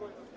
Thank you.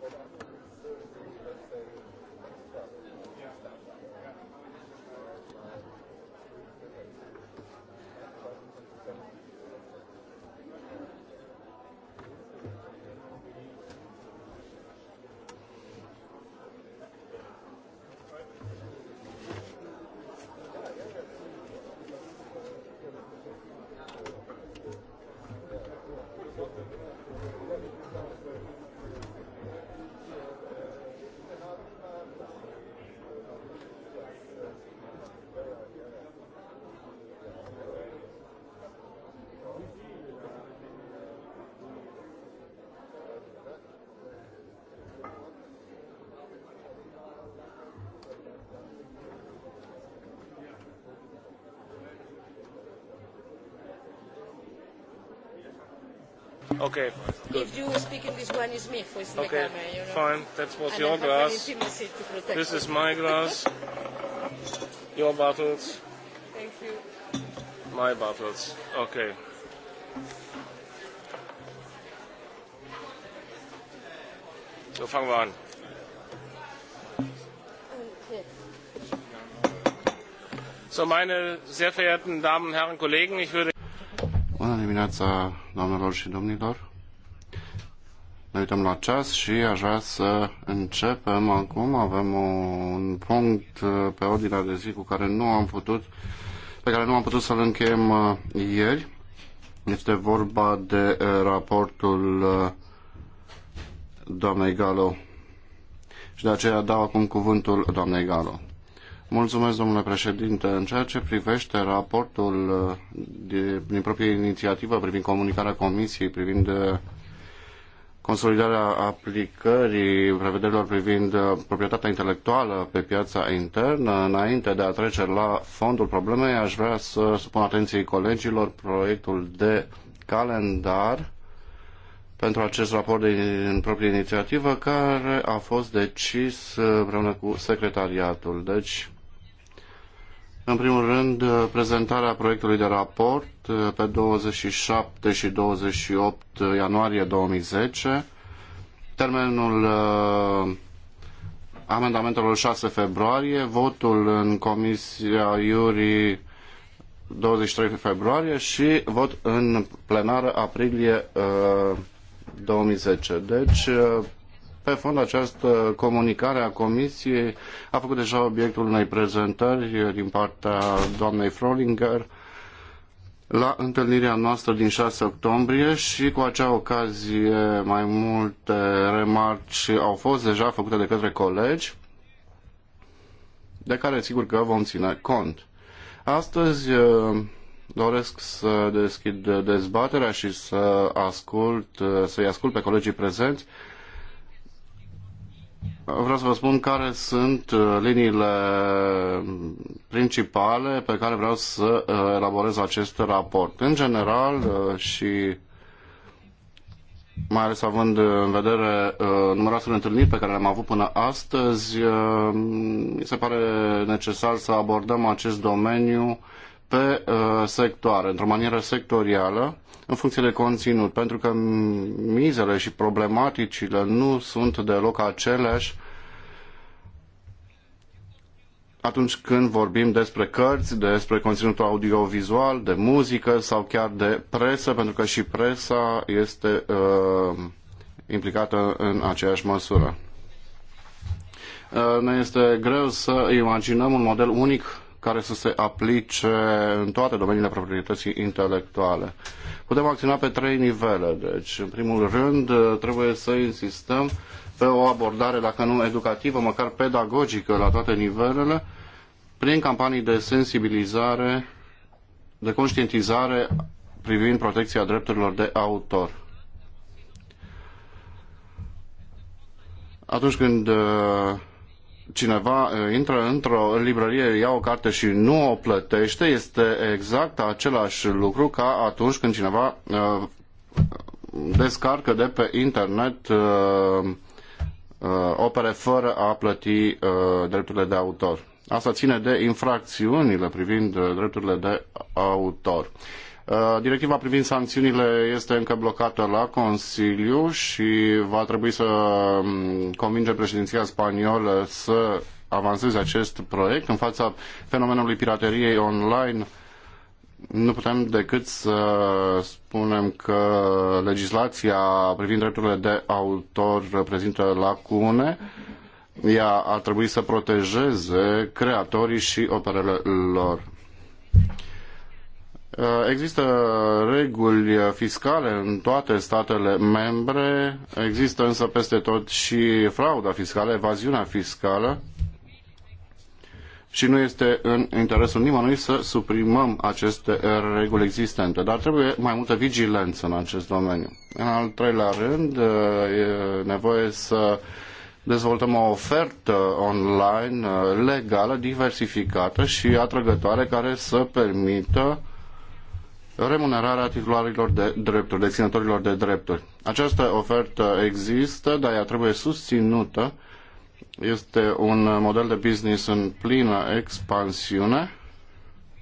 Thank you. Okay. Good. If you speak in this one, it's me who is in okay. the camera. You know? Fine. That was and your I glass. This is my glass. your bottles. Thank you. My bottles. Okay. So fangen wir an. So, meine sehr verehrten Damen und Herren Kollegen, ich würde Bună dimineața, doamnelor și domnilor. Ne uităm la ceas și aș vrea să începem acum. Avem un punct uh, pe ordinea de zi cu care nu am putut, pe care nu am putut să-l încheiem uh, ieri. Este vorba de uh, raportul doamnei Galo. Și de aceea dau acum cuvântul doamnei Galo. Mulțumesc, domnule președinte. În ceea ce privește raportul uh, de, din proprie inițiativă privind comunicarea Comisiei, privind uh, consolidarea aplicării prevederilor privind uh, proprietatea intelectuală pe piața internă, înainte de a trece la fondul problemei, aș vrea să supun atenției colegilor proiectul de calendar pentru acest raport din proprie inițiativă care a fost decis împreună cu secretariatul. Deci în primul rând, uh, prezentarea proiectului de raport uh, pe 27 și 28 uh, ianuarie 2010, termenul amendamentelor 6 februarie, votul în Comisia Iurii 23 februarie și vot în plenară aprilie 2010. Deci, pe fond, această comunicare a Comisiei a făcut deja obiectul unei prezentări din partea doamnei Frolinger la întâlnirea noastră din 6 octombrie și cu acea ocazie mai multe remarci au fost deja făcute de către colegi, de care sigur că vom ține cont. Astăzi uh, doresc să deschid dezbaterea și să ascult, uh, să-i ascult pe colegii prezenți Vreau să vă spun care sunt uh, liniile principale pe care vreau să uh, elaborez acest raport. În general uh, și mai ales având în vedere numeroasele întâlniri pe care le-am avut până astăzi, mi se pare necesar să abordăm acest domeniu pe sectoare, într-o manieră sectorială în funcție de conținut, pentru că mizele și problematicile nu sunt deloc aceleași atunci când vorbim despre cărți, despre conținut audiovizual, de muzică sau chiar de presă, pentru că și presa este uh, implicată în aceeași măsură. Uh, ne este greu să imaginăm un model unic care să se aplice în toate domeniile proprietății intelectuale. Putem acționa pe trei nivele. Deci, în primul rând, trebuie să insistăm pe o abordare, dacă nu educativă, măcar pedagogică la toate nivelele, prin campanii de sensibilizare, de conștientizare privind protecția drepturilor de autor. Atunci când uh, cineva uh, intră într-o librărie, ia o carte și nu o plătește, este exact același lucru ca atunci când cineva uh, descarcă de pe internet uh, opere fără a plăti drepturile de autor. Asta ține de infracțiunile privind drepturile de autor. Uh, directiva privind sancțiunile este încă blocată la Consiliu și va trebui să um, convinge președinția spaniolă să avanseze acest proiect în fața fenomenului pirateriei online. Nu putem decât să spunem că legislația privind drepturile de autor reprezintă lacune. Ea ar trebui să protejeze creatorii și operele lor. Uh, există reguli fiscale în toate statele membre, există însă peste tot și frauda fiscală, evaziunea fiscală și nu este în interesul nimănui să suprimăm aceste reguli existente, dar trebuie mai multă vigilență în acest domeniu. În al treilea rând, uh, e nevoie să dezvoltăm o ofertă online uh, legală, diversificată și atrăgătoare care să permită remunerarea titularilor de drepturi, deținătorilor de drepturi. Această ofertă există, dar ea trebuie susținută. Este un model de business în plină expansiune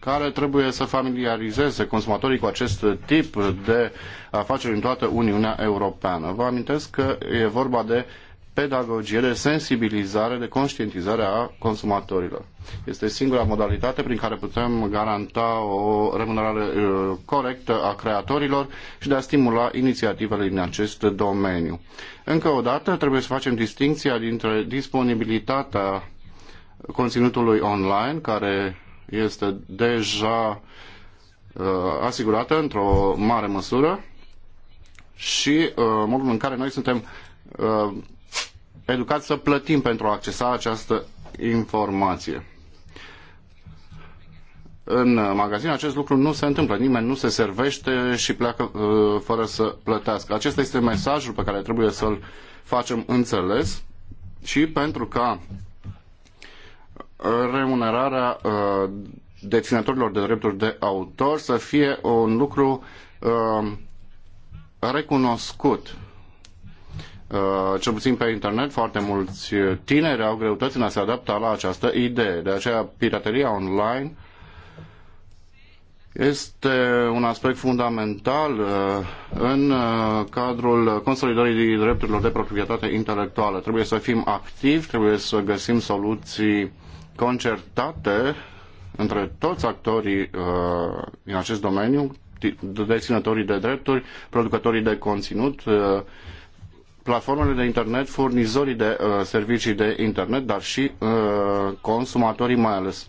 care trebuie să familiarizeze consumatorii cu acest tip de afaceri în toată Uniunea Europeană. Vă amintesc că e vorba de pedagogie, de sensibilizare, de conștientizare a consumatorilor. Este singura modalitate prin care putem garanta o remunerare uh, corectă a creatorilor și de a stimula inițiativele din acest domeniu. Încă o dată, trebuie să facem distinția dintre disponibilitatea conținutului online, care este deja uh, asigurată într-o mare măsură și uh, modul în care noi suntem educați să plătim pentru a accesa această informație. În magazin acest lucru nu se întâmplă, nimeni nu se servește și pleacă uh, fără să plătească. Acesta este mesajul pe care trebuie să-l facem înțeles și pentru ca remunerarea uh, deținătorilor de drepturi de autor să fie un lucru uh, recunoscut Uh, cel puțin pe internet, foarte mulți tineri au greutăți în a se adapta la această idee. De aceea, pirateria online este un aspect fundamental uh, în uh, cadrul consolidării drepturilor de proprietate intelectuală. Trebuie să fim activi, trebuie să găsim soluții concertate între toți actorii din acest domeniu, deținătorii de drepturi, producătorii de conținut, platformele de internet, furnizorii de uh, servicii de internet, dar și uh, consumatorii mai ales.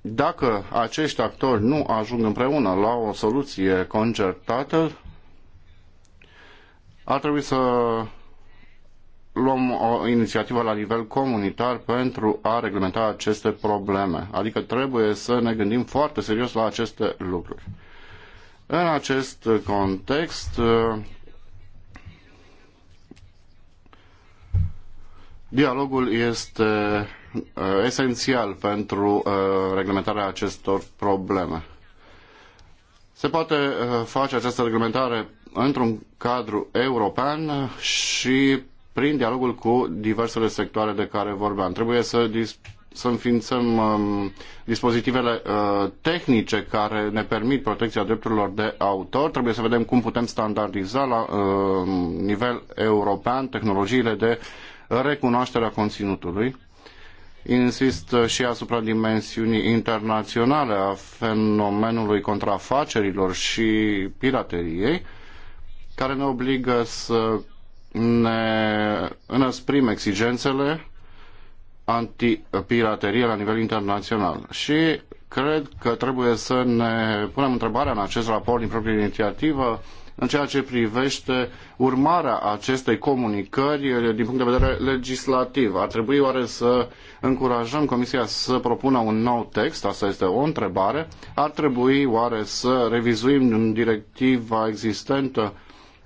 Dacă acești actori nu ajung împreună la o soluție concertată, ar trebui să luăm o inițiativă la nivel comunitar pentru a reglementa aceste probleme. Adică trebuie să ne gândim foarte serios la aceste lucruri. În acest context, dialogul este uh, esențial pentru uh, reglementarea acestor probleme. Se poate uh, face această reglementare într-un cadru european și prin dialogul cu diversele sectoare de care vorbeam. Trebuie să dispunem să înființăm um, dispozitivele uh, tehnice care ne permit protecția drepturilor de autor. Trebuie să vedem cum putem standardiza la uh, nivel european tehnologiile de recunoaștere a conținutului. Insist uh, și asupra dimensiunii internaționale a fenomenului contrafacerilor și pirateriei, care ne obligă să ne înăsprim exigențele antipiraterie la nivel internațional. Și cred că trebuie să ne punem întrebarea în acest raport din proprie inițiativă în ceea ce privește urmarea acestei comunicări din punct de vedere legislativ. Ar trebui oare să încurajăm Comisia să propună un nou text? Asta este o întrebare. Ar trebui oare să revizuim directiva existentă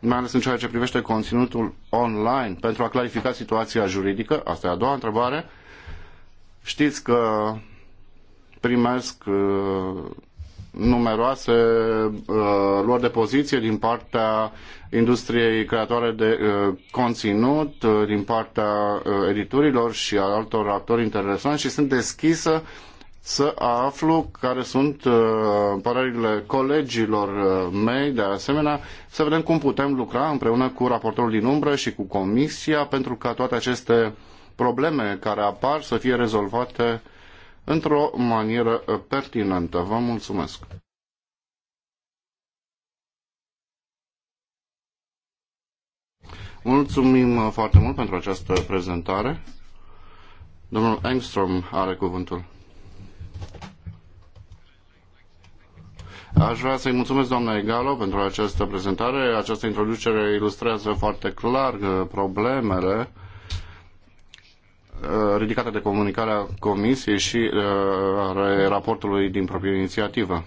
mai ales în ceea ce privește conținutul online, pentru a clarifica situația juridică? Asta e a doua întrebare. Știți că primesc uh, numeroase uh, luări de poziție din partea industriei creatoare de uh, conținut, uh, din partea uh, editorilor și a altor actori interesanți și sunt deschisă să aflu care sunt uh, părerile colegilor uh, mei, de asemenea, să vedem cum putem lucra împreună cu raportorul din umbră și cu comisia pentru ca toate aceste uh, probleme care apar să fie rezolvate într-o manieră pertinentă. Vă mulțumesc! Mulțumim foarte mult pentru această prezentare. Domnul Engstrom are cuvântul. Aș vrea să-i mulțumesc doamna Egalo pentru această prezentare. Această introducere ilustrează foarte clar uh, problemele Uh, ridicată de comunicarea Comisiei și uh, raportului din proprie inițiativă.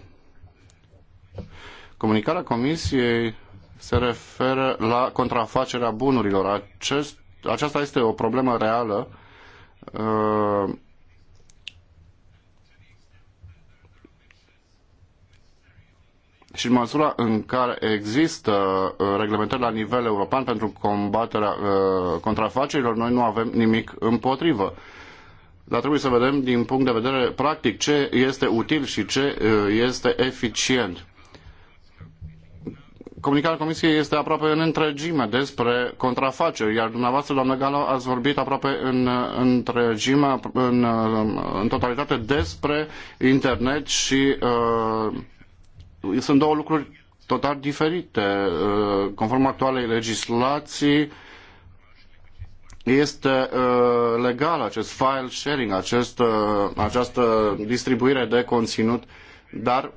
Comunicarea Comisiei se referă la contrafacerea bunurilor. Acest, aceasta este o problemă reală uh, și în măsura în care există uh, reglementări la nivel european pentru combaterea uh, contrafacerilor, noi nu avem nimic împotrivă. Dar trebuie să vedem din punct de vedere practic ce este util și ce uh, este eficient. Comunicarea Comisiei este aproape în întregime despre contrafaceri, iar dumneavoastră, doamnă Galo, ați vorbit aproape în întregime, în, în totalitate despre internet și uh, sunt două lucruri total diferite. Uh, conform actualei legislații, este uh, legal acest file sharing, acest, uh, această distribuire de conținut, dar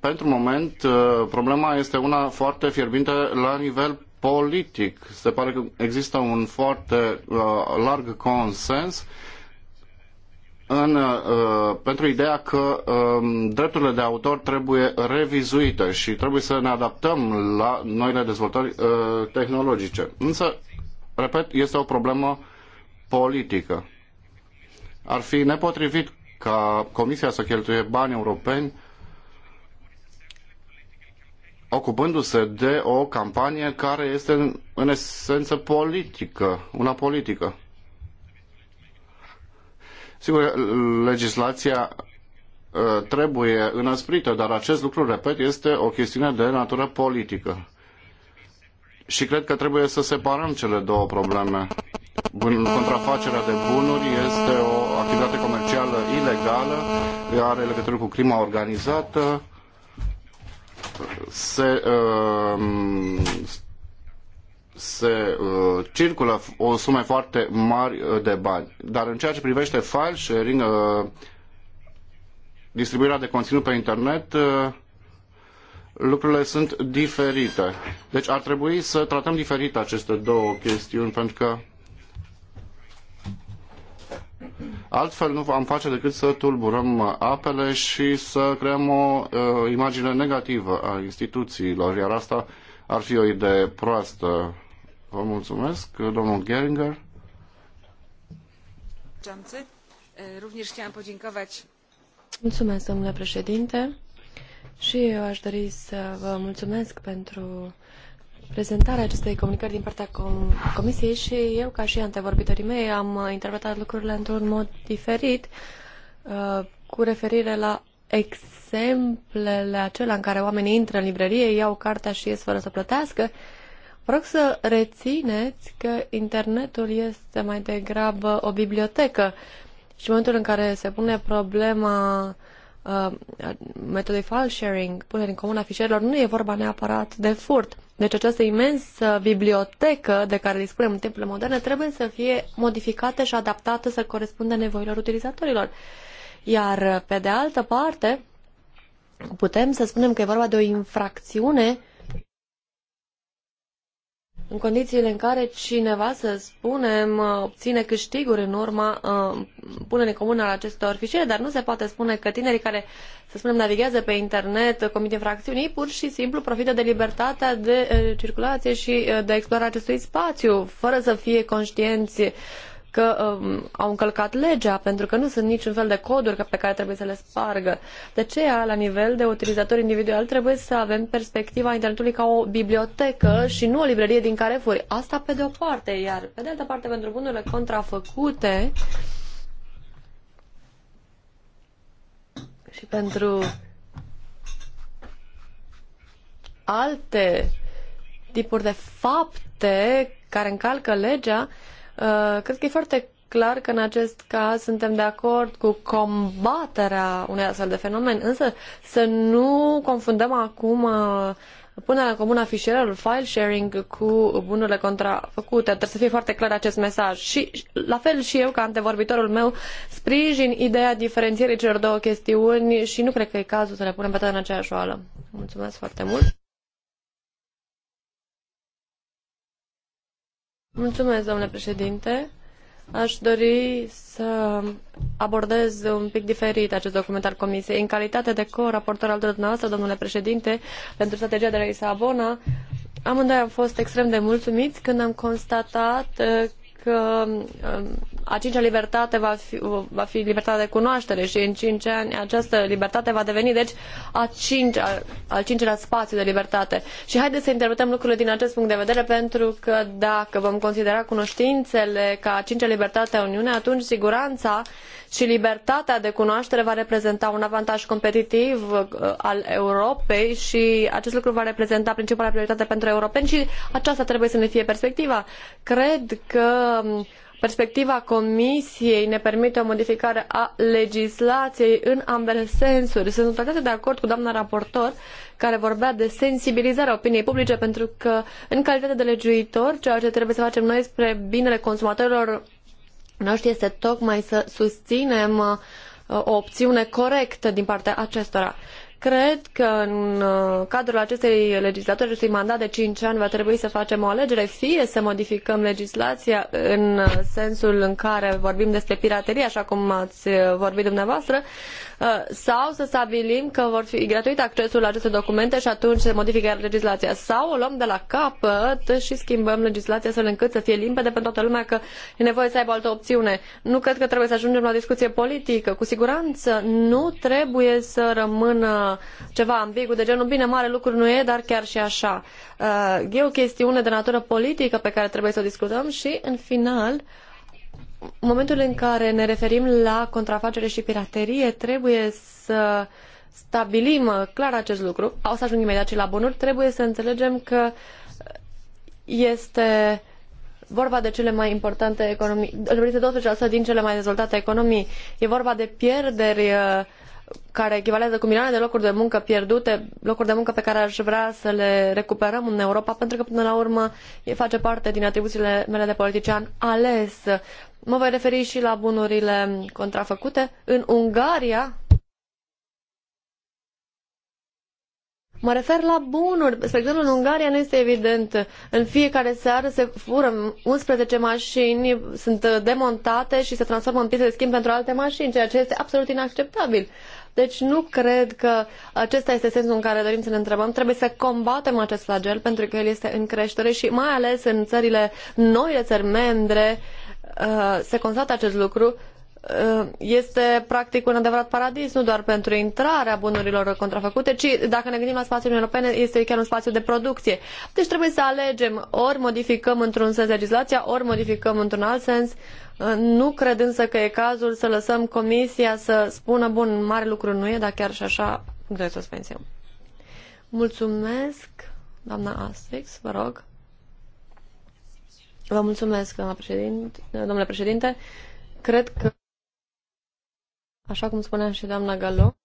pentru moment problema este una foarte fierbinte la nivel politic. Se pare că există un foarte larg consens uh, în, uh, pentru ideea că um, drepturile de autor trebuie revizuite și trebuie să ne adaptăm la noile dezvoltări uh, tehnologice. Însă, repet, este o problemă politică. Ar fi nepotrivit ca Comisia să cheltuie bani europeni ocupându-se de o campanie care este în esență politică, una politică. Sigur, legislația ă, trebuie înăsprită, dar acest lucru, repet, este o chestiune de natură politică. Și cred că trebuie să separăm cele două probleme. Bun, contrafacerea de bunuri este o activitate comercială ilegală, are legătură cu crima organizată, se uh, se uh, circulă o sume foarte mari uh, de bani. Dar în ceea ce privește file sharing, uh, distribuirea de conținut pe internet, uh, lucrurile sunt diferite. Deci ar trebui să tratăm diferit aceste două chestiuni, pentru că altfel nu am face decât să tulburăm apele și să creăm o uh, imagine negativă a instituțiilor, iar asta ar fi o idee proastă. Vă mulțumesc, domnul Geringer. Mulțumesc, domnule președinte. Și eu aș dori să vă mulțumesc pentru prezentarea acestei comunicări din partea com Comisiei și eu, ca și antevorbitorii mei, am interpretat lucrurile într-un mod diferit uh, cu referire la exemplele acelea în care oamenii intră în librărie, iau cartea și ies fără să plătească Vă rog să rețineți că internetul este mai degrabă o bibliotecă și în momentul în care se pune problema uh, metodei file sharing, punerii în comun a fișierilor, nu e vorba neapărat de furt. Deci această imensă bibliotecă de care dispunem în timpul moderne trebuie să fie modificată și adaptată să corespundă nevoilor utilizatorilor. Iar pe de altă parte, putem să spunem că e vorba de o infracțiune în condițiile în care cineva, să spunem, uh, obține câștiguri în urma uh, punerii comune al acestor fișiere, dar nu se poate spune că tinerii care, să spunem, navighează pe internet, uh, comit infracțiuni, ei pur și simplu profită de libertatea de uh, circulație și de explorare acestui spațiu, fără să fie conștienți că um, au încălcat legea, pentru că nu sunt niciun fel de coduri pe care trebuie să le spargă. De aceea, la nivel de utilizator individual, trebuie să avem perspectiva internetului ca o bibliotecă și nu o librărie din care furi. Asta pe de o parte, iar pe de altă parte, pentru bunurile contrafăcute și pentru alte tipuri de fapte care încalcă legea, uh, Uh, cred că e foarte clar că în acest caz suntem de acord cu combaterea unui astfel de fenomen, însă să nu confundăm acum uh, punerea în comun a fișierelor, file sharing cu bunurile contrafăcute. Trebuie să fie foarte clar acest mesaj. Și la fel și eu, ca antevorbitorul meu, sprijin ideea diferențierii celor două chestiuni și nu cred că e cazul să le punem pe toate în aceeași oală. Mulțumesc foarte mult! Mulțumesc, domnule președinte. Aș dori să abordez un pic diferit acest document al Comisiei. În calitate de co-raportor al dumneavoastră, domnule președinte, pentru strategia de la Lisabona, amândoi am fost extrem de mulțumiți când am constatat că um, a cincea libertate va fi, va fi libertatea de cunoaștere și în cinci ani această libertate va deveni deci a cincea, al cincilea spațiu de libertate. Și haideți să interpretăm lucrurile din acest punct de vedere pentru că dacă vom considera cunoștințele ca a cincea libertate a Uniunii, atunci siguranța uh, și libertatea de cunoaștere va reprezenta un avantaj competitiv uh, al Europei și acest lucru va reprezenta principala prioritate pentru europeni i aceasta trebuie să ne fie perspectiva. Cred că um, perspectiva Comisiei ne permite o modificare a legislației în ambele sensuri. Sunt totalmente de acord cu doamna raportor care vorbea de sensibilizarea opiniei publice, pentru că, în calitate de legiuitor, ceea ce trebuie să facem noi spre binele consumatorilor noștri este tocmai să susținem uh, o opțiune corectă din partea acestora. Cred că în uh, cadrul acestei legislatori, acestui mandat de 5 ani, va trebui să facem o alegere, fie să modificăm legislația în uh, sensul în care vorbim despre piraterie, așa cum ați uh, vorbit dumneavoastră, sau să stabilim că vor fi gratuit accesul la aceste documente și atunci se modifică legislația. Sau o luăm de la capăt și schimbăm legislația astfel încât să fie limpede pentru toată lumea că e nevoie să aibă altă opțiune. Nu cred că trebuie să ajungem la o discuție politică. Cu siguranță nu trebuie să rămână ceva ambigu de genul bine, mare lucru nu e, dar chiar și așa. Uh, e o chestiune de natură politică pe care trebuie să o discutăm și, în final, momentul în care ne referim la contrafacere și piraterie, trebuie să stabilim clar acest lucru. O să ajung imediat și la bunuri. Trebuie să înțelegem că este vorba de cele mai importante economii, reprezintă 12% din cele mai dezvoltate economii. E vorba de pierderi uh, care echivalează cu milioane de locuri de muncă pierdute, locuri de muncă pe care aș vrea să le recuperăm în Europa, pentru că până la urmă face parte din atribuțiile mele de politician ales. Mă voi referi și la bunurile contrafăcute. În Ungaria, Mă refer la bunuri. Spre exemplu, în Ungaria nu este evident. În fiecare seară se fură 11 mașini, sunt demontate și se transformă în piese de schimb pentru alte mașini, ceea ce este absolut inacceptabil. Deci nu cred că acesta este sensul în care dorim să ne întrebăm. Trebuie să combatem acest flagel pentru că el este în creștere și mai ales în țările, noile țări membre, uh, se constată acest lucru Uh, este practic un adevărat paradis, nu doar pentru intrarea bunurilor contrafăcute, ci dacă ne gândim la spațiul european, este chiar un spațiu de producție. Deci trebuie să alegem, ori modificăm într-un sens legislația, ori modificăm într-un alt sens. Uh, nu cred însă că e cazul să lăsăm comisia să spună, bun, mare lucru nu e, dar chiar și așa, punct de suspensie. Mulțumesc, doamna Astrix, vă rog. Vă mulțumesc, președinte, domnule președinte. Cred că Așa cum spunea și doamna Galo,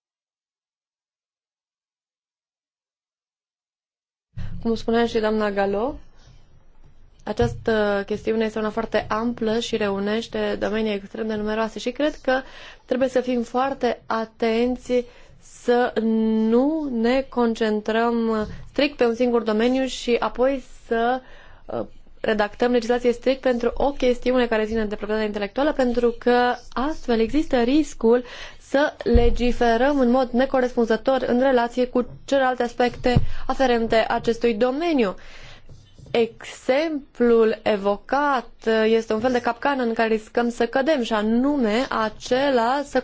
cum spunea și doamna Galo, această chestiune este una foarte amplă și reunește domenii extrem de numeroase și cred că trebuie să fim foarte atenți să nu ne concentrăm strict pe un singur domeniu și apoi să uh, redactăm legislație strict pentru o chestiune care ține de proprietatea intelectuală, pentru că astfel există riscul să legiferăm în mod necorespunzător în relație cu celelalte aspecte aferente acestui domeniu exemplul evocat uh, este un fel de capcană în care riscăm să cădem și anume acela să,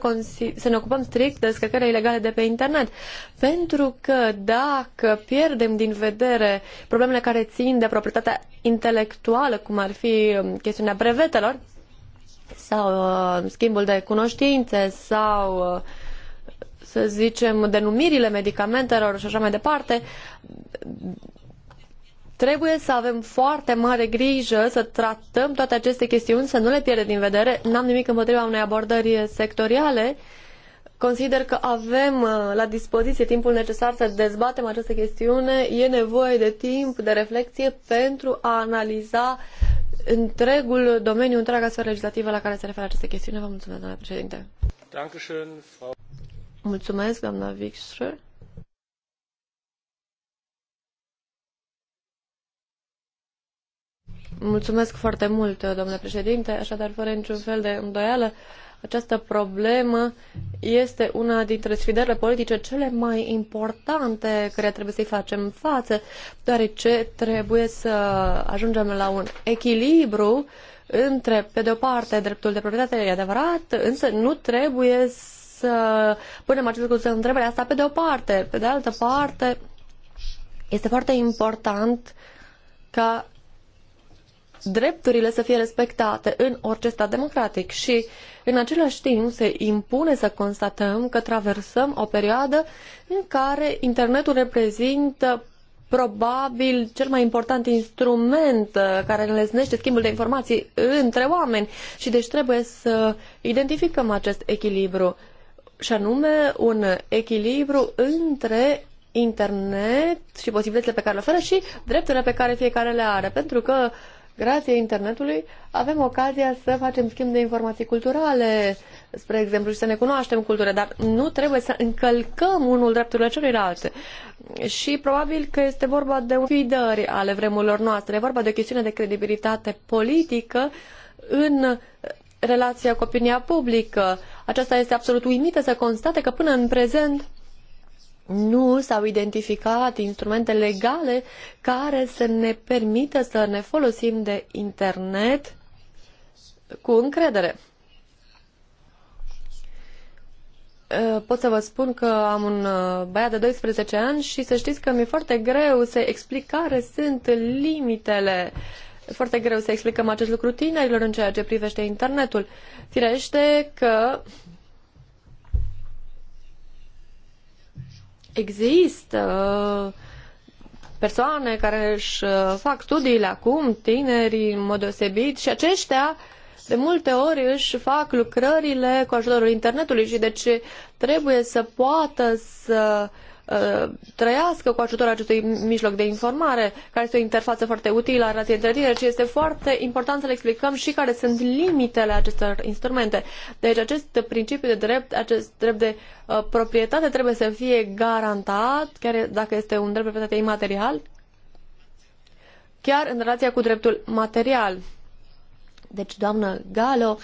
să ne ocupăm strict de scăcările ilegale de pe internet. Pentru că dacă pierdem din vedere problemele care țin de proprietatea intelectuală, cum ar fi um, chestiunea brevetelor sau uh, schimbul de cunoștințe sau uh, să zicem denumirile medicamentelor și așa mai departe, Trebuie să avem foarte mare grijă să tratăm toate aceste chestiuni, să nu le pierdem din vedere. N-am nimic împotriva unei abordări sectoriale. Consider că avem uh, la dispoziție timpul necesar să dezbatem această chestiune. E nevoie de timp, de reflexie pentru a analiza întregul domeniu, întreaga sferă legislativă la care se referă aceste chestiune. Vă mulțumesc, domnule președinte. Mulțumesc, doamna Wikström. Mulțumesc foarte mult, domnule președinte. Așadar, fără niciun fel de îndoială, această problemă este una dintre sfidările politice cele mai importante care trebuie să-i facem față, deoarece trebuie să ajungem la un echilibru între, pe de o parte, dreptul de proprietate e adevărat, însă nu trebuie să punem acest lucru să întrebare asta pe de o parte. Pe de altă parte, este foarte important ca drepturile să fie respectate în orice stat democratic și în același timp se impune să constatăm că traversăm o perioadă în care internetul reprezintă probabil cel mai important instrument uh, care înlesnește schimbul de informații între oameni și deci trebuie să identificăm acest echilibru și anume un echilibru între internet și posibilitățile pe care le oferă și drepturile pe care fiecare le are, pentru că grație internetului, avem ocazia să facem schimb de informații culturale, spre exemplu, și să ne cunoaștem cultura, dar nu trebuie să încălcăm unul drepturile celuilalt. Și probabil că este vorba de fidări ale vremurilor noastre, e vorba de o chestiune de credibilitate politică în relația cu opinia publică. Aceasta este absolut uimită să constate că până în prezent nu s-au identificat instrumente legale care să ne permită să ne folosim de internet cu încredere. Eh, pot să vă spun că am un eh, băiat de 12 ani și să știți că mi-e foarte greu să explic care sunt limitele foarte greu să explicăm acest lucru tinerilor în ceea ce privește internetul. Firește că Există uh, persoane care își uh, fac studiile acum, tineri în mod deosebit, și aceștia de multe ori își fac lucrările cu ajutorul internetului și deci trebuie să poată să uh, Uh, trăiască cu ajutorul acestui mijloc de informare, care este o interfață foarte utilă a relației între tineri și este foarte important să le explicăm și care sunt limitele acestor instrumente. Deci acest principiu de drept, acest drept de uh, proprietate trebuie să fie garantat, chiar dacă este un drept de proprietate imaterial, chiar în relația cu dreptul material. Deci, doamnă Galo,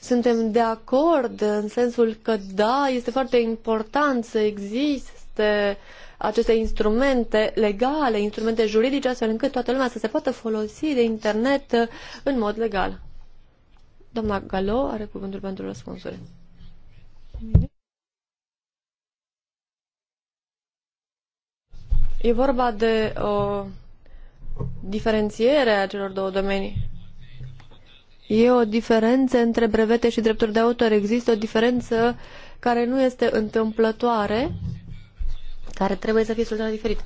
suntem de acord în sensul că, da, este foarte important să existe aceste, aceste instrumente legale, instrumente juridice, astfel încât toată lumea să se poată folosi de internet în mod legal. Doamna Galo are cuvântul pentru răspunsuri. E vorba de o diferențiere a celor două domenii. E o diferență între brevete și drepturi de autor. Există o diferență care nu este întâmplătoare care trebuie să fie soluționat diferit.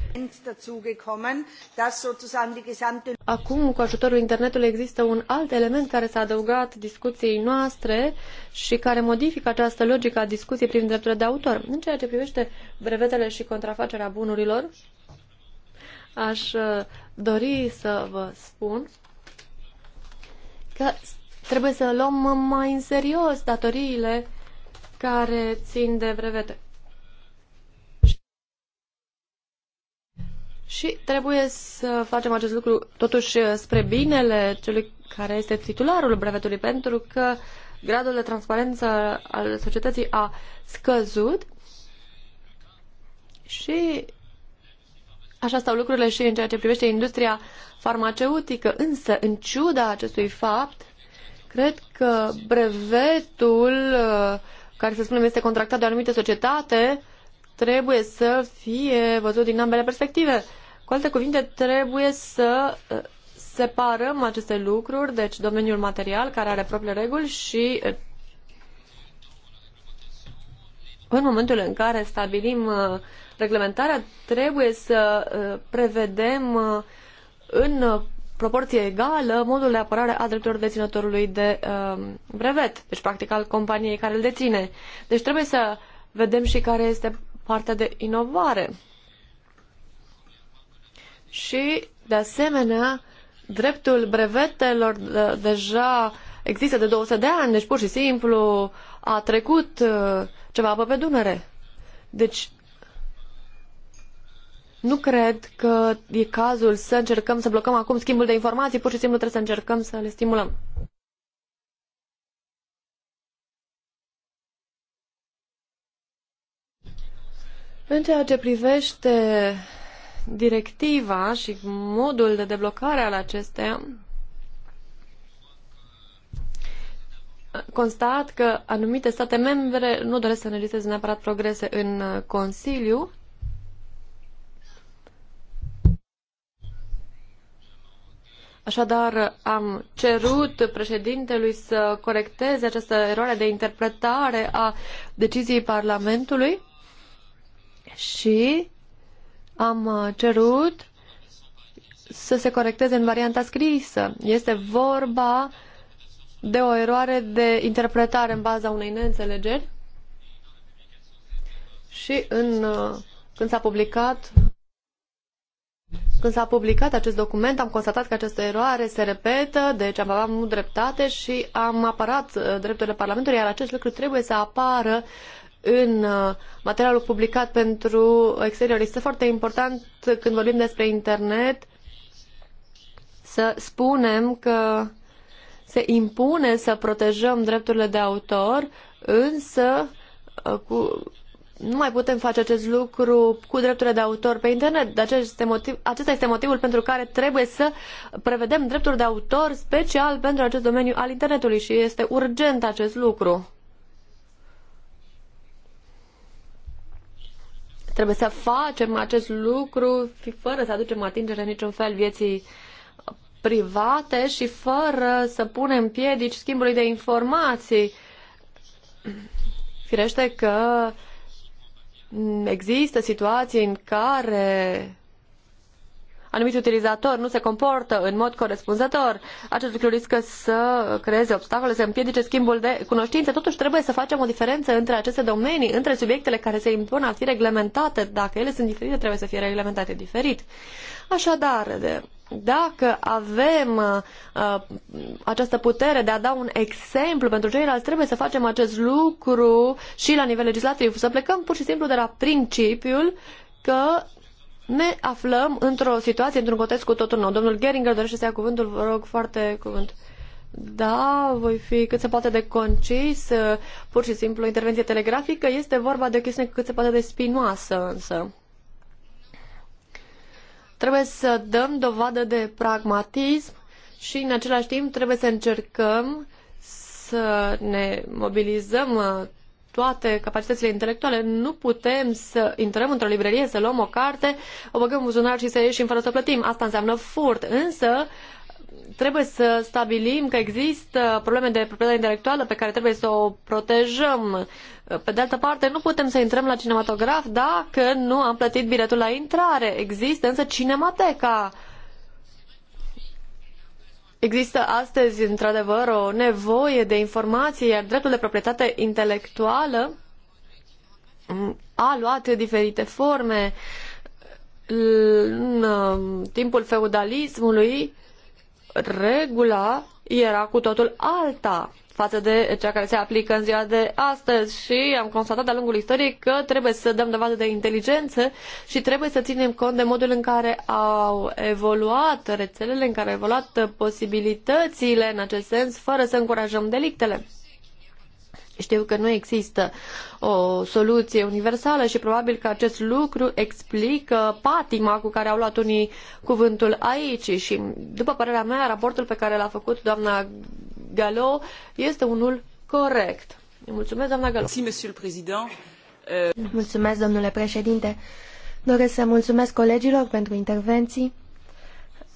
Acum, cu ajutorul internetului, există un alt element care s-a adăugat discuției noastre și care modifică această logică a discuției privind drepturile de autor. În ceea ce privește brevetele și contrafacerea bunurilor, aș uh, dori să vă spun că trebuie să luăm mai în serios datoriile care țin de brevete. Și trebuie să facem acest lucru totuși spre binele celui care este titularul brevetului, pentru că gradul de transparență al societății a scăzut și așa stau lucrurile și în ceea ce privește industria farmaceutică. Însă, în ciuda acestui fapt, cred că brevetul uh, care, să spunem, este contractat de o anumită societate trebuie să fie văzut din ambele perspective cu alte cuvinte, trebuie să uh, separăm aceste lucruri, deci domeniul material care are propriile reguli și uh, în momentul în care stabilim uh, reglementarea, trebuie să prevedem în proporție egală modul de apărare a drepturilor deținătorului de brevet, deci practic al companiei care îl deține. Deci trebuie să vedem și care este partea de inovare și, de asemenea, dreptul brevetelor deja există de 200 de ani, deci pur și simplu a trecut uh, ceva apă pe Dunăre. Deci, nu cred că e cazul să încercăm să blocăm acum schimbul de informații, pur și simplu trebuie să încercăm să le stimulăm. În ceea ce privește directiva și modul de deblocare al acesteia, constat că anumite state membre nu doresc să înregistreze neapărat progrese în uh, Consiliu, Așadar, am cerut președintelui să corecteze această eroare de interpretare a deciziei Parlamentului și am uh, cerut să se corecteze în varianta scrisă. Este vorba de o eroare de interpretare în baza unei neînțelegeri și în, uh, când s-a publicat când s-a publicat acest document, am constatat că această eroare se repetă, deci am avut dreptate și am apărat uh, drepturile Parlamentului, iar acest lucru trebuie să apară în uh, materialul publicat pentru exterior. Este foarte important când vorbim despre internet să spunem că se impune să protejăm drepturile de autor, însă uh, cu, nu mai putem face acest lucru cu drepturile de autor pe internet. De acest este motiv, acesta este motivul pentru care trebuie să prevedem drepturi de autor special pentru acest domeniu al internetului și este urgent acest lucru. Trebuie să facem acest lucru fără să aducem atingere niciun fel vieții private și fără să punem piedici schimbului de informații. Firește că există situații în care anumii utilizatori nu se comportă în mod corespunzător, acest lucru riscă să creeze obstacole, să împiedice schimbul de cunotine Totuși trebuie să facem o diferență între aceste domenii, între subiectele care se impun a fi reglementate. Dacă ele sunt diferite, trebuie să fie reglementate diferit. Așadar, de, dacă avem uh, uh această putere de a da un exemplu pentru ceilalți, trebuie să facem acest lucru și la nivel legislativ. Să plecăm pur și simplu de la principiul că ne aflăm într-o situație, într-un context cu totul nou. Domnul Geringer dorește să ia cuvântul, vă rog foarte cuvânt. Da, voi fi cât se poate de concis, pur și simplu intervenție telegrafică. Este vorba de o chestiune cât se poate de spinoasă, însă. Trebuie să dăm dovadă de pragmatism și, în același timp, trebuie să încercăm să ne mobilizăm toate capacitățile intelectuale. Nu putem să intrăm într-o librărie, să luăm o carte, o băgăm în buzunar și să ieșim fără să plătim. Asta înseamnă furt. Însă, trebuie să stabilim că există probleme de proprietate intelectuală pe care trebuie să o protejăm. Pe de altă parte, nu putem să intrăm la cinematograf dacă nu am plătit biletul la intrare. Există însă cinemateca Există astăzi, într-adevăr, o nevoie de informație, iar dreptul de proprietate intelectuală a luat diferite forme. În uh, timpul feudalismului, regula era cu totul alta față de cea care se aplică în ziua de astăzi și am constatat de-a lungul istoriei că trebuie să dăm dovadă de inteligență și trebuie să ținem cont de modul în care au evoluat rețelele, în care au evoluat posibilitățile în acest sens, fără să încurajăm delictele. Știu că nu există o soluție universală și probabil că acest lucru explică patima cu care au luat unii cuvântul aici și, după părerea mea, raportul pe care l-a făcut doamna Galo este unul corect. Mulțumesc, doamna Galo. Mulțumesc, domnule președinte. Doresc să mulțumesc colegilor pentru intervenții.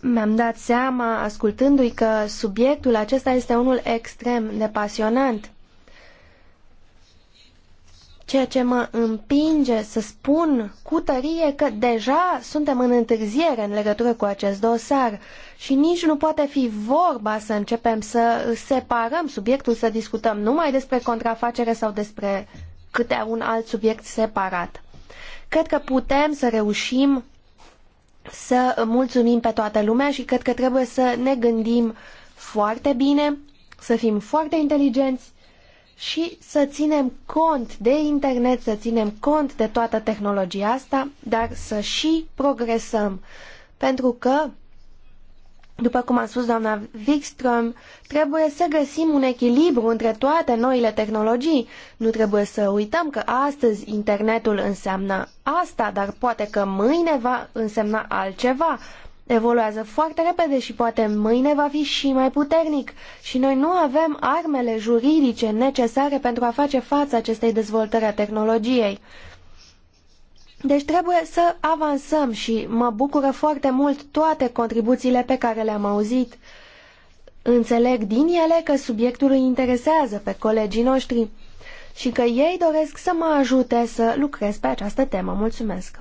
Mi-am dat seama, ascultându-i, că subiectul acesta este unul extrem de pasionant ceea ce mă împinge să spun cu tărie că deja suntem în întârziere în legătură cu acest dosar și nici nu poate fi vorba să începem să separăm subiectul, să discutăm numai despre contrafacere sau despre câte un alt subiect separat. Cred că putem să reușim să mulțumim pe toată lumea și cred că trebuie să ne gândim foarte bine, să fim foarte inteligenți și să ținem cont de internet, să ținem cont de toată tehnologia asta, dar să și progresăm. Pentru că, după cum a spus doamna Wikström, trebuie să găsim un echilibru între toate noile tehnologii. Nu trebuie să uităm că astăzi internetul înseamnă asta, dar poate că mâine va însemna altceva evoluează foarte repede și poate mâine va fi și mai puternic și noi nu avem armele juridice necesare pentru a face față acestei dezvoltări a tehnologiei. Deci trebuie să avansăm și mă bucură foarte mult toate contribuțiile pe care le-am auzit. Înțeleg din ele că subiectul îi interesează pe colegii noștri și că ei doresc să mă ajute să lucrez pe această temă. Mulțumesc!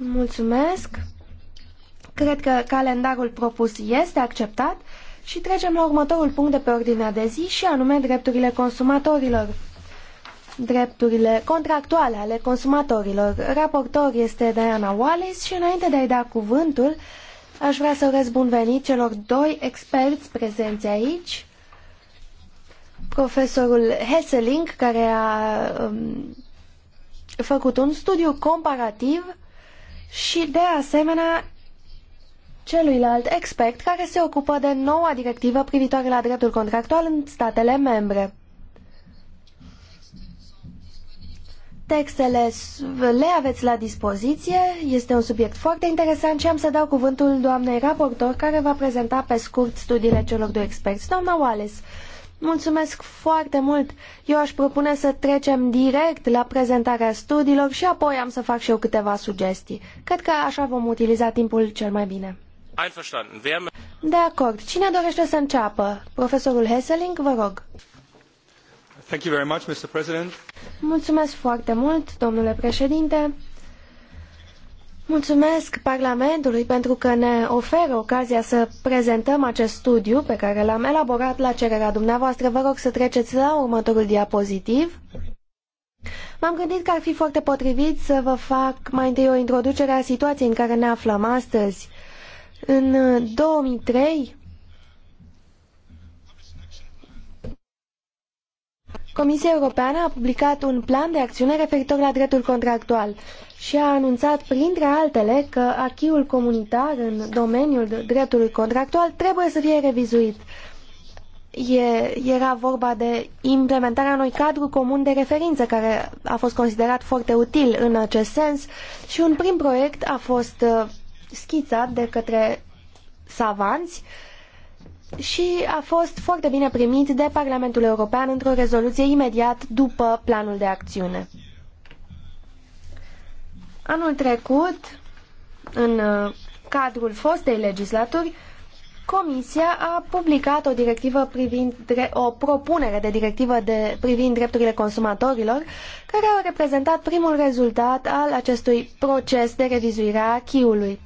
Mulțumesc. Cred că calendarul propus este acceptat și trecem la următorul punct de pe ordinea de zi și anume drepturile consumatorilor. Drepturile contractuale ale consumatorilor. Raportor este Diana Wallis și înainte de a-i da cuvântul, aș vrea să urez bun venit celor doi experți prezenți aici. Profesorul Hesseling, care a um, făcut un studiu comparativ și, de asemenea, celuilalt expert care se ocupă de noua directivă privitoare la dreptul contractual în statele membre. Textele le aveți la dispoziție, este un subiect foarte interesant și am să dau cuvântul doamnei raportor care va prezenta pe scurt studiile celor doi experți. Doamna Wallace, Mulțumesc foarte mult! Eu aș propune să trecem direct la prezentarea studiilor și apoi am să fac și eu câteva sugestii. Cred că așa vom utiliza timpul cel mai bine. De acord. Cine dorește să înceapă? Profesorul Hesseling, vă rog. Thank you very much, Mr. President. Mulțumesc foarte mult, domnule președinte. Mulțumesc Parlamentului pentru că ne oferă ocazia să prezentăm acest studiu pe care l-am elaborat la cererea dumneavoastră. Vă rog să treceți la următorul diapozitiv. M-am gândit că ar fi foarte potrivit să vă fac mai întâi o introducere a situației în care ne aflăm astăzi. În 2003, Comisia Europeană a publicat un plan de acțiune referitor la dreptul contractual și a anunțat, printre altele, că achiul comunitar în domeniul dreptului contractual trebuie să fie revizuit. E, era vorba de implementarea unui cadru comun de referință care a fost considerat foarte util în acest sens și un prim proiect a fost uh, schițat de către savanți și a fost foarte bine primit de Parlamentul European într-o rezoluție imediat după planul de acțiune. Anul trecut, în uh, cadrul fostei legislaturi, Comisia a publicat o directivă privind o propunere de directivă de, privind drepturile consumatorilor, care a reprezentat primul rezultat al acestui proces de revizuire a chiului.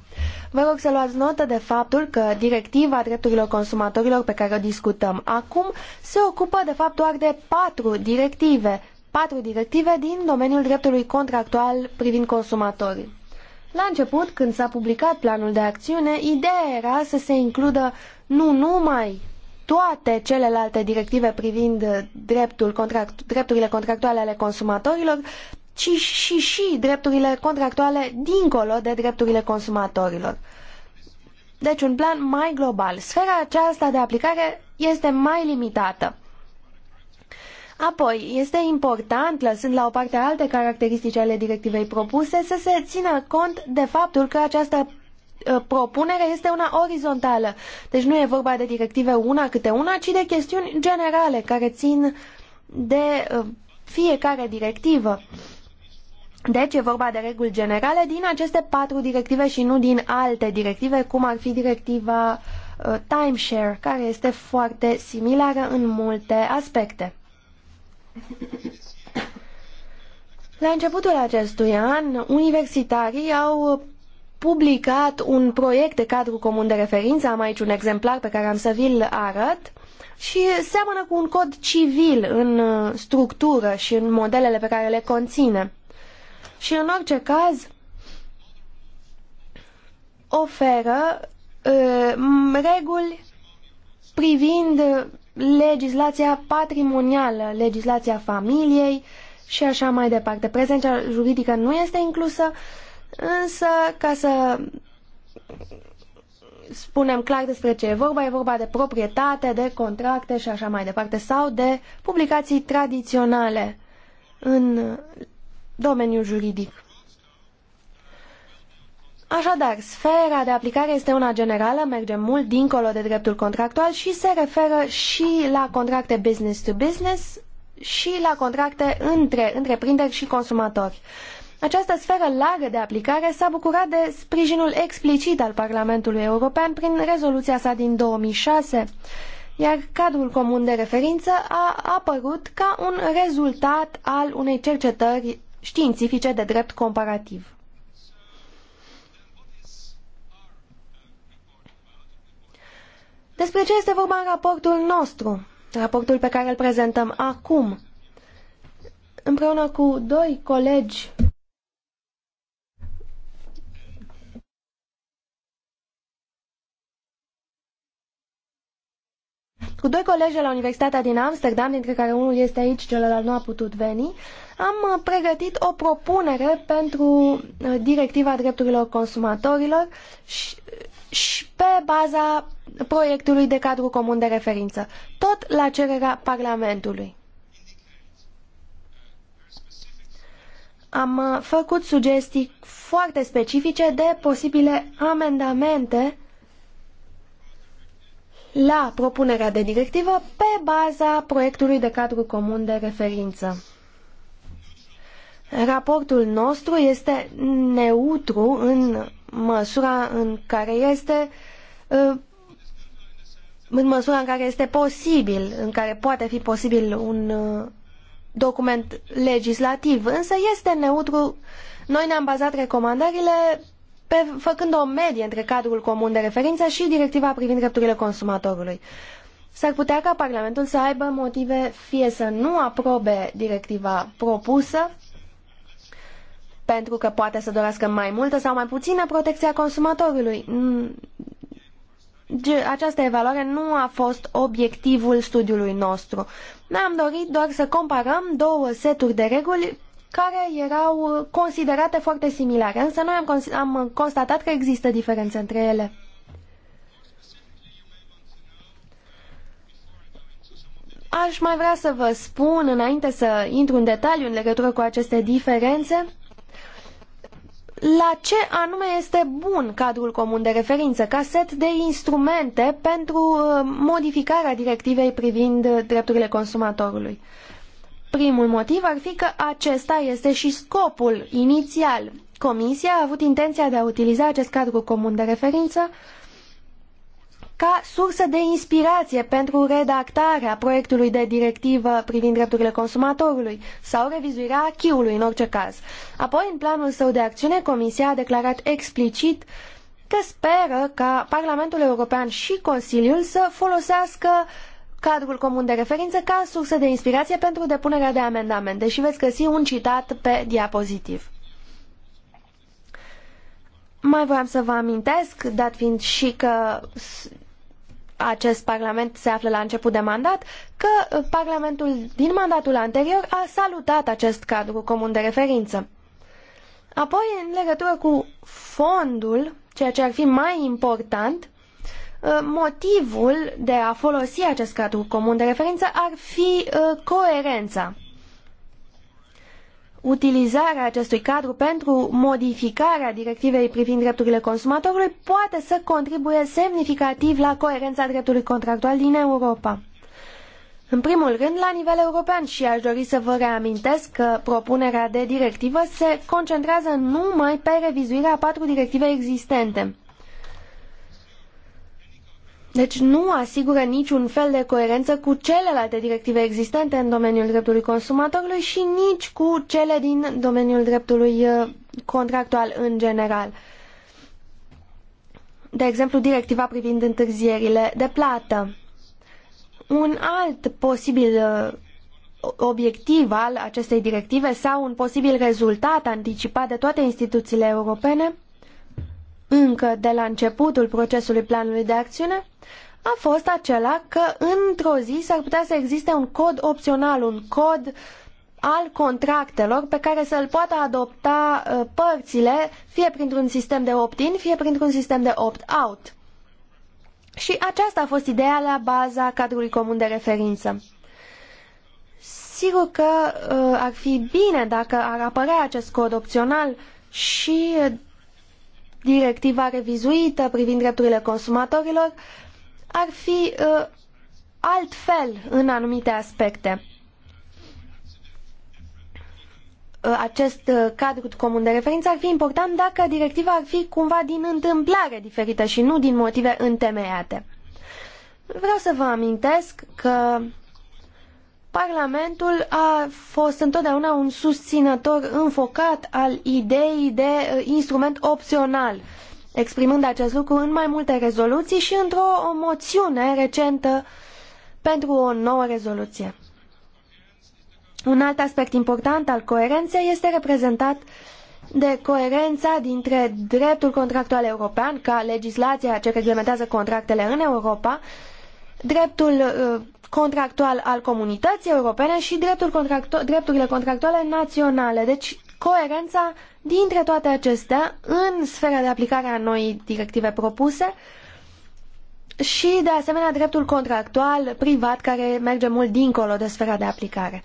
Vă rog să luați notă de faptul că directiva drepturilor consumatorilor pe care o discutăm acum se ocupă de fapt doar de patru directive, patru directive din domeniul dreptului contractual privind consumatorii. La început, când s-a publicat planul de acțiune, ideea era să se includă nu numai toate celelalte directive privind dreptul contract, drepturile contractuale ale consumatorilor, ci și, și drepturile contractuale dincolo de drepturile consumatorilor. Deci un plan mai global. Sfera aceasta de aplicare este mai limitată. Apoi, este important, lăsând la o parte alte caracteristici ale directivei propuse, să se țină cont de faptul că această ă, propunere este una orizontală. Deci nu e vorba de directive una câte una, ci de chestiuni generale care țin de ă, fiecare directivă. Deci e vorba de reguli generale din aceste patru directive și nu din alte directive, cum ar fi directiva ă, timeshare, care este foarte similară în multe aspecte. La începutul acestui an, universitarii au publicat un proiect de cadru comun de referință, am aici un exemplar pe care am să vi-l arăt, și seamănă cu un cod civil în structură și în modelele pe care le conține. Și în orice caz, oferă uh, reguli privind legislația patrimonială, legislația familiei și așa mai departe. Prezența juridică nu este inclusă, însă ca să spunem clar despre ce e vorba, e vorba de proprietate, de contracte și așa mai departe, sau de publicații tradiționale în domeniul juridic. Așadar, sfera de aplicare este una generală, merge mult dincolo de dreptul contractual și se referă și la contracte business to business și la contracte între întreprinderi și consumatori. Această sferă largă de aplicare s-a bucurat de sprijinul explicit al Parlamentului European prin rezoluția sa din 2006, iar cadrul comun de referință a apărut ca un rezultat al unei cercetări științifice de drept comparativ. Despre ce este vorba în raportul nostru, raportul pe care îl prezentăm acum? Împreună cu doi colegi Cu doi colegi de la Universitatea din Amsterdam, dintre care unul este aici, celălalt nu a putut veni, am uh, pregătit o propunere pentru uh, directiva drepturilor consumatorilor și, și pe baza proiectului de cadru comun de referință, tot la cererea Parlamentului. Am uh, făcut sugestii foarte specifice de posibile amendamente la propunerea de directivă pe baza proiectului de cadru comun de referință. Raportul nostru este neutru în măsura în care este ă, în măsura în care este posibil, în care poate fi posibil un ă, document legislativ, însă este neutru. Noi ne-am bazat recomandările pe, făcând o medie între cadrul comun de referință și directiva privind drepturile consumatorului. S-ar putea ca Parlamentul să aibă motive fie să nu aprobe directiva propusă, pentru că poate să dorească mai multă sau mai puțină protecția consumatorului. Mm, această evaluare nu a fost obiectivul studiului nostru. ne am dorit doar să comparăm două seturi de reguli care erau considerate foarte similare, însă noi am, am constatat că există diferențe între ele. Aș mai vrea să vă spun, înainte să intru în detaliu în legătură cu aceste diferențe, la ce anume este bun cadrul comun de referință ca set de instrumente pentru uh, modificarea directivei privind uh, drepturile consumatorului. Primul motiv ar fi că acesta este și scopul inițial. Comisia a avut intenția de a utiliza acest cadru comun de referință uh, ca sursă de inspirație pentru redactarea proiectului de directivă privind drepturile consumatorului sau revizuirea achiului în orice caz. Apoi, în planul său de acțiune, Comisia a declarat explicit că speră ca Parlamentul European și Consiliul să folosească cadrul comun de referință ca sursă de inspirație pentru depunerea de amendamente și veți găsi un citat pe diapozitiv. Mai voiam să vă amintesc, dat fiind și că acest Parlament se află la început de mandat, că uh, Parlamentul din mandatul anterior a salutat acest cadru comun de referință. Apoi, în legătură cu fondul, ceea ce ar fi mai important, uh, motivul de a folosi acest cadru comun de referință ar fi uh, coerența utilizarea acestui cadru pentru modificarea directivei privind drepturile consumatorului poate să contribuie semnificativ la coerența dreptului contractual din Europa. În primul rând, la nivel european și aș dori să vă reamintesc că propunerea de directivă se concentrează numai pe revizuirea a patru directive existente. Deci nu asigură niciun fel de coerență cu celelalte directive existente în domeniul dreptului consumatorului și nici cu cele din domeniul dreptului uh, contractual în general. De exemplu, directiva privind întârzierile de plată. Un alt posibil uh, obiectiv al acestei directive sau un posibil rezultat anticipat de toate instituțiile europene încă de la începutul procesului planului de acțiune a fost acela că într-o zi s-ar putea să existe un cod opțional, un cod al contractelor pe care să-l poată adopta uh, părțile fie printr-un sistem de opt-in, fie printr-un sistem de opt-out. Și aceasta a fost ideea la baza cadrului comun de referință. Sigur că uh, ar fi bine dacă ar apărea acest cod opțional și directiva revizuită privind drepturile consumatorilor ar fi uh, altfel în anumite aspecte. Ă, acest ă, cadru comun de referință ar fi important dacă directiva ar fi cumva din întâmplare diferită și nu din motive întemeiate. Vreau să vă amintesc că Parlamentul a fost întotdeauna un susținător înfocat al ideii de uh, instrument opțional, exprimând acest lucru în mai multe rezoluții și într-o moțiune recentă pentru o nouă rezoluție. Un alt aspect important al coerenței este reprezentat de coerența dintre dreptul contractual european, ca legislația ce reglementează contractele în Europa, dreptul uh, contractual al comunității europene și drepturile contractuale naționale. Deci, coerența dintre toate acestea în sfera de aplicare a noii directive propuse și, de asemenea, dreptul contractual privat care merge mult dincolo de sfera de aplicare.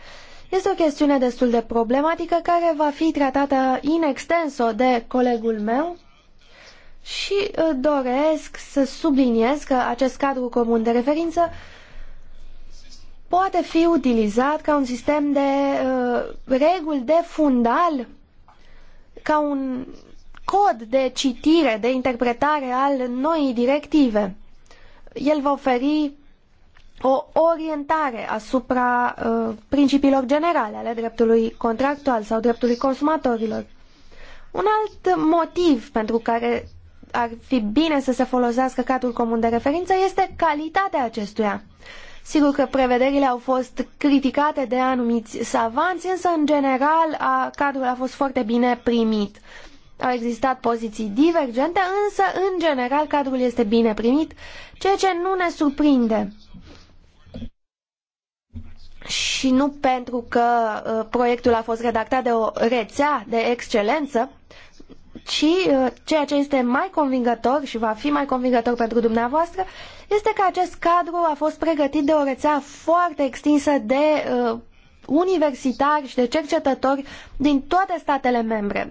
Este o chestiune destul de problematică care va fi tratată in extenso de colegul meu și uh, doresc să subliniez că acest cadru comun de referință poate fi utilizat ca un sistem de uh, reguli de fundal, ca un cod de citire, de interpretare al noii directive. El va oferi o orientare asupra uh, principiilor generale ale dreptului contractual sau dreptului consumatorilor. Un alt motiv pentru care ar fi bine să se folosească cadrul comun de referință este calitatea acestuia. Uh, Sigur că prevederile au fost criticate de anumiți savanți, însă, în general, a, cadrul a fost foarte bine primit. Au existat poziții divergente, însă, în general, cadrul este bine primit, ceea ce nu ne surprinde. Și nu pentru că uh, proiectul a fost redactat de o rețea de excelență, ci uh, ceea ce este mai convingător și va fi mai convingător pentru dumneavoastră este că acest cadru a fost pregătit de o rețea foarte extinsă de uh, universitari și de cercetători din toate statele membre.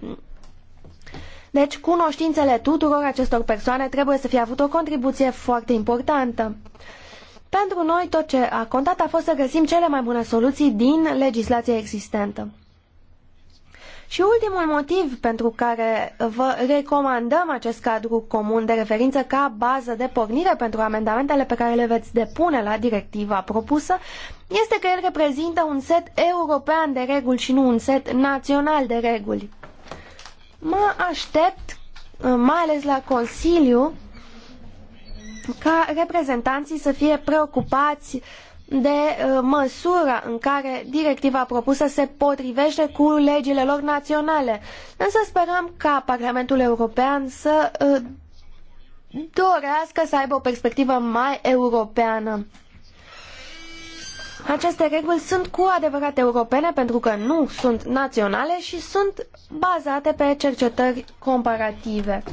Deci, cunoștințele tuturor acestor persoane trebuie să fie avut o contribuție foarte importantă. Pentru noi, tot ce a contat a fost să găsim cele mai bune soluții din legislația existentă. Și ultimul motiv pentru care vă recomandăm acest cadru comun de referință ca bază de pornire pentru amendamentele pe care le veți depune la directiva propusă este că el reprezintă un set european de reguli și nu un set național de reguli. Mă aștept, mai ales la Consiliu, ca reprezentanții să fie preocupați uh, de uh, măsura în care directiva propusă se potrivește cu legile lor naționale. Însă sperăm ca Parlamentul European să uh, dorească să aibă o perspectivă mai europeană. Aceste reguli sunt cu adevărat europene pentru că nu sunt naționale și sunt bazate pe cercetări comparative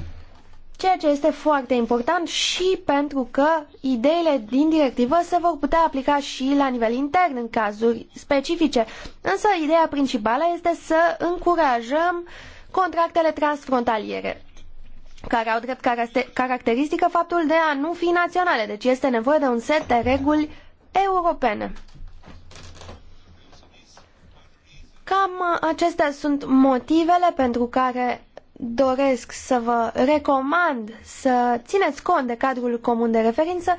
ceea ce este foarte important și pentru că ideile din directivă se vor putea aplica și la nivel intern în cazuri specifice. Însă ideea principală este să încurajăm contractele transfrontaliere care au drept caracteristică faptul de a nu fi naționale, deci este nevoie de un set de reguli europene. Cam acestea sunt motivele pentru care doresc să vă recomand să țineți cont de cadrul comun de referință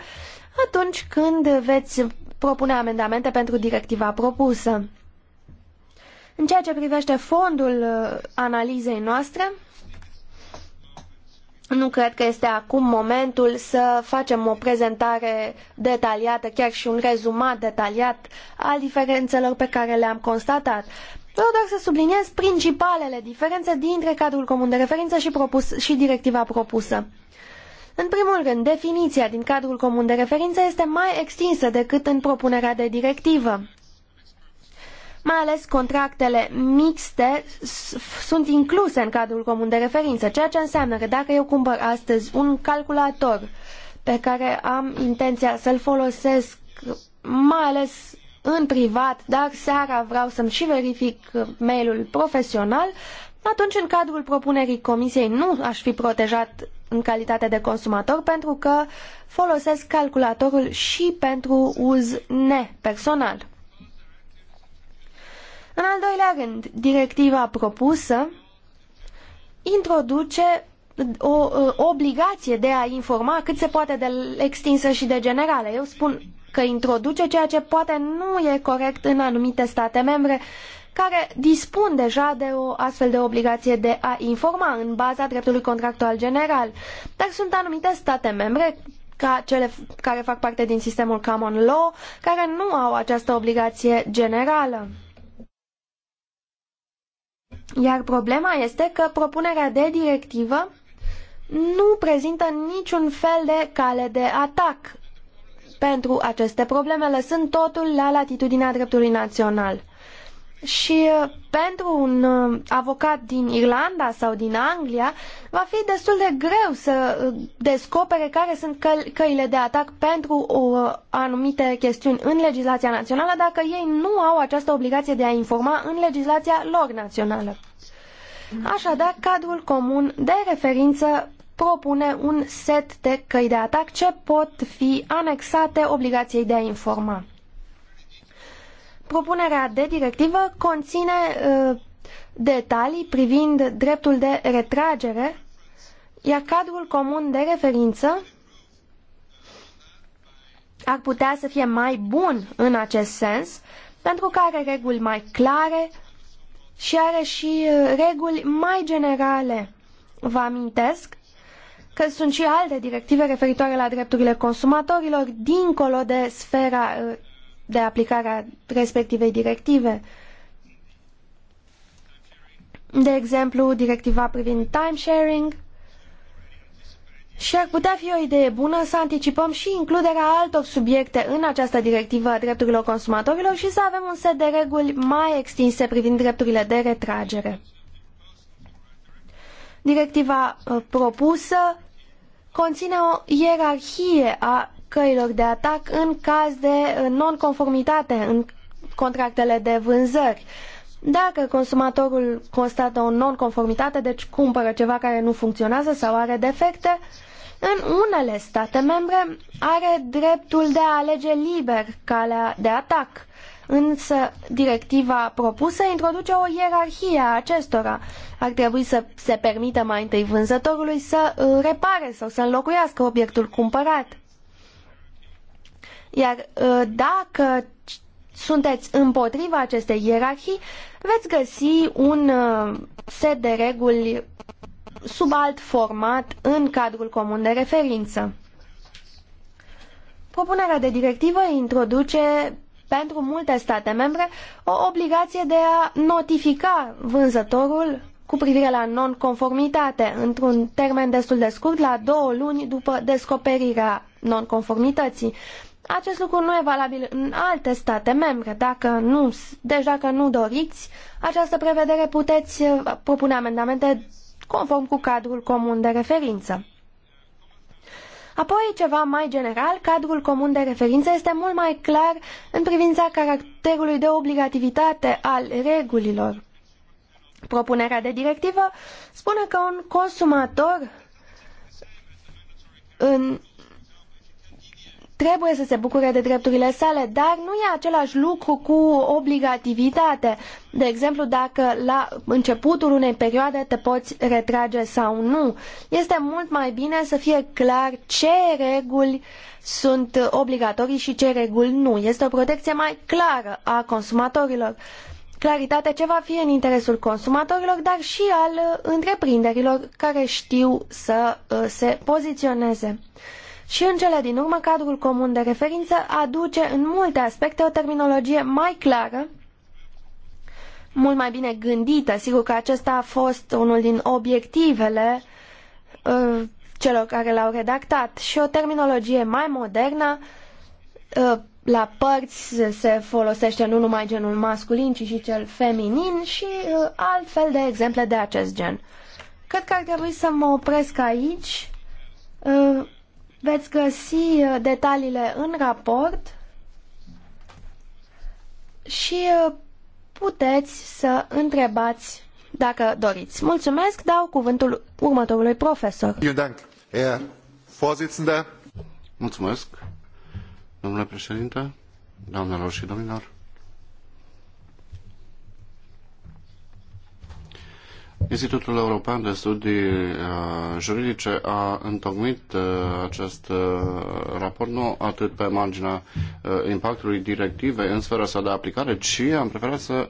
atunci când veți propune amendamente pentru directiva propusă. În ceea ce privește fondul uh, analizei noastre, nu cred că este acum momentul să facem o prezentare detaliată, chiar și un rezumat detaliat al diferențelor pe care le-am constatat. Vreau doar să subliniez principalele diferențe dintre cadrul comun de referință și, propus, și directiva propusă. În primul rând, definiția din cadrul comun de referință este mai extinsă decât în propunerea de directivă. Mai ales contractele mixte sunt incluse în cadrul comun de referință, ceea ce înseamnă că dacă eu cumpăr astăzi un calculator pe care am intenția să-l folosesc mai ales în privat, dar seara vreau să-mi și verific mailul profesional, atunci în cadrul propunerii comisiei nu aș fi protejat în calitate de consumator pentru că folosesc calculatorul și pentru uz nepersonal. În al doilea rând, directiva propusă introduce o obligație de a informa cât se poate de extinsă și de generală. Eu spun că introduce ceea ce poate nu e corect în anumite state membre care dispun deja de o astfel de obligație de a informa în baza dreptului contractual general. Dar sunt anumite state membre ca cele care fac parte din sistemul common law, care nu au această obligație generală. Iar problema este că propunerea de directivă nu prezintă niciun fel de cale de atac pentru aceste probleme, lăsând totul la latitudinea dreptului național. Și uh, pentru un uh, avocat din Irlanda sau din Anglia va fi destul de greu să uh, descopere care sunt căl- căile de atac pentru o, anumite chestiuni în legislația națională dacă ei nu au această obligație de a informa în legislația lor națională. Așadar, cadrul comun de referință propune un set de căi de atac ce pot fi anexate obligației de a informa. Propunerea de directivă conține uh, detalii privind dreptul de retragere, iar cadrul comun de referință ar putea să fie mai bun în acest sens, pentru că are reguli mai clare și are și uh, reguli mai generale. Vă amintesc că sunt și alte directive referitoare la drepturile consumatorilor dincolo de sfera uh, de aplicare a respectivei directive. De exemplu, directiva privind timesharing și ar putea fi o idee bună să anticipăm și includerea altor subiecte în această directivă a drepturilor consumatorilor și să avem un set de reguli mai extinse privind drepturile de retragere. Directiva uh, propusă conține o ierarhie a căilor de atac în caz de nonconformitate în contractele de vânzări. Dacă consumatorul constată o nonconformitate, deci cumpără ceva care nu funcționează sau are defecte, în unele state membre are dreptul de a alege liber calea de atac. Însă, directiva propusă introduce o ierarhie a acestora. Ar trebui să se permită mai întâi vânzătorului să uh, repare sau să înlocuiască obiectul cumpărat. Iar uh, dacă sunteți împotriva acestei ierarhii, veți găsi un uh, set de reguli sub alt format în cadrul comun de referință. Propunerea de directivă introduce pentru multe state membre o obligație de a notifica vânzătorul cu privire la nonconformitate într-un termen destul de scurt, la două luni după descoperirea nonconformității. Acest lucru nu e valabil în alte state membre. Dacă nu, deci dacă nu doriți această prevedere, puteți uh, propune amendamente conform cu cadrul comun de referință. Apoi, ceva mai general, cadrul comun de referință este mult mai clar în privința caracterului de obligativitate al regulilor. Propunerea de directivă spune că un consumator în trebuie să se bucure de drepturile sale, dar nu e același lucru cu obligativitate. De exemplu, dacă la începutul unei perioade te poți retrage sau nu. Este mult mai bine să fie clar ce reguli sunt obligatorii și ce reguli nu. Este o protecție mai clară a consumatorilor. Claritate ce va fi în interesul consumatorilor, dar și al întreprinderilor care știu să uh, se poziționeze. Și în cele din urmă, cadrul comun de referință aduce în multe aspecte o terminologie mai clară, mult mai bine gândită. Sigur că acesta a fost unul din obiectivele uh, celor care l-au redactat și o terminologie mai modernă uh, la părți se folosește nu numai genul masculin, ci și cel feminin și uh, altfel de exemple de acest gen. Cred că ar trebui să mă opresc aici. Uh, Veți găsi uh, detaliile în raport și uh, puteți să întrebați dacă doriți. Mulțumesc, dau cuvântul următorului profesor. Mulțumesc, domnule președinte, doamnelor și domnilor. Institutul European de Studii uh, Juridice a întocmit uh, acest uh, raport nu atât pe marginea impactului directivei în sfera sa de aplicare, ci am preferat să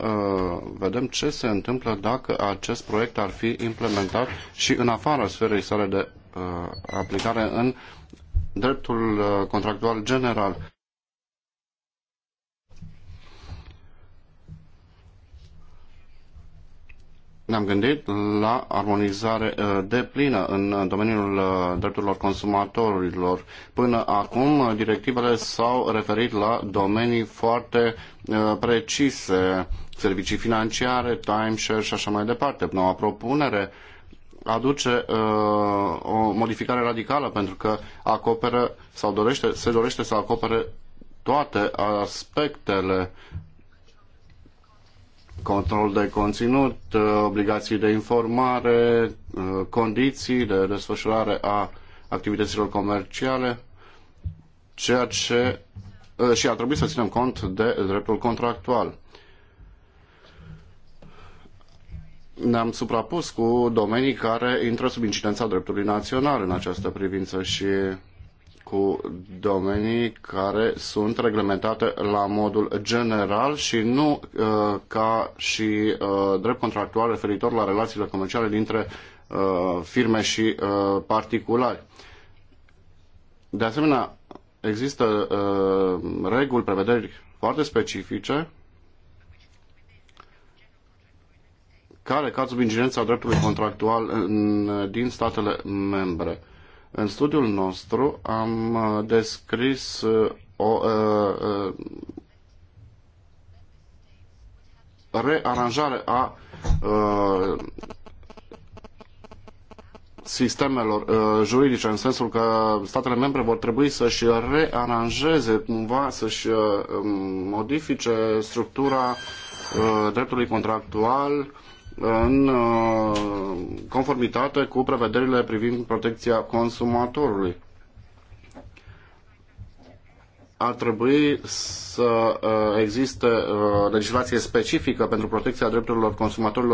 vedem ce se întâmplă dacă acest proiect ar fi implementat și în afara sferei sale de aplicare în dreptul contractual general. ne-am gândit la armonizare uh, de plină în uh, domeniul uh, drepturilor consumatorilor. Până acum, directivele s-au referit la domenii foarte precise, servicii financiare, timeshare și așa mai departe. Noua propunere aduce o modificare radicală pentru că acoperă sau dorește, se dorește să acopere toate aspectele control de conținut, uh, obligații de informare, uh, condiții de desfășurare a activităților comerciale, ceea ce uh, și ar trebui să ținem cont de dreptul contractual. ne-am suprapus cu domenii care intră sub incidența dreptului național în această privință și cu domenii care sunt reglementate la modul general și nu uh, ca și uh, drept contractual referitor la relațiile comerciale dintre uh, firme și uh, particulari. De asemenea, există uh, reguli, prevederi foarte specifice care cad sub incidența dreptului contractual în, din statele membre. În studiul nostru am uh, descris uh, o uh, rearanjare a sistemelor uh, juridice, în sensul că statele membre vor trebui să-și rearanjeze cumva, să-și uh, um, modifice structura uh, dreptului contractual în uh, conformitate cu prevederile privind protecția consumatorului. Ar trebui să uh, existe uh, legislație specifică pentru protecția drepturilor consumatorilor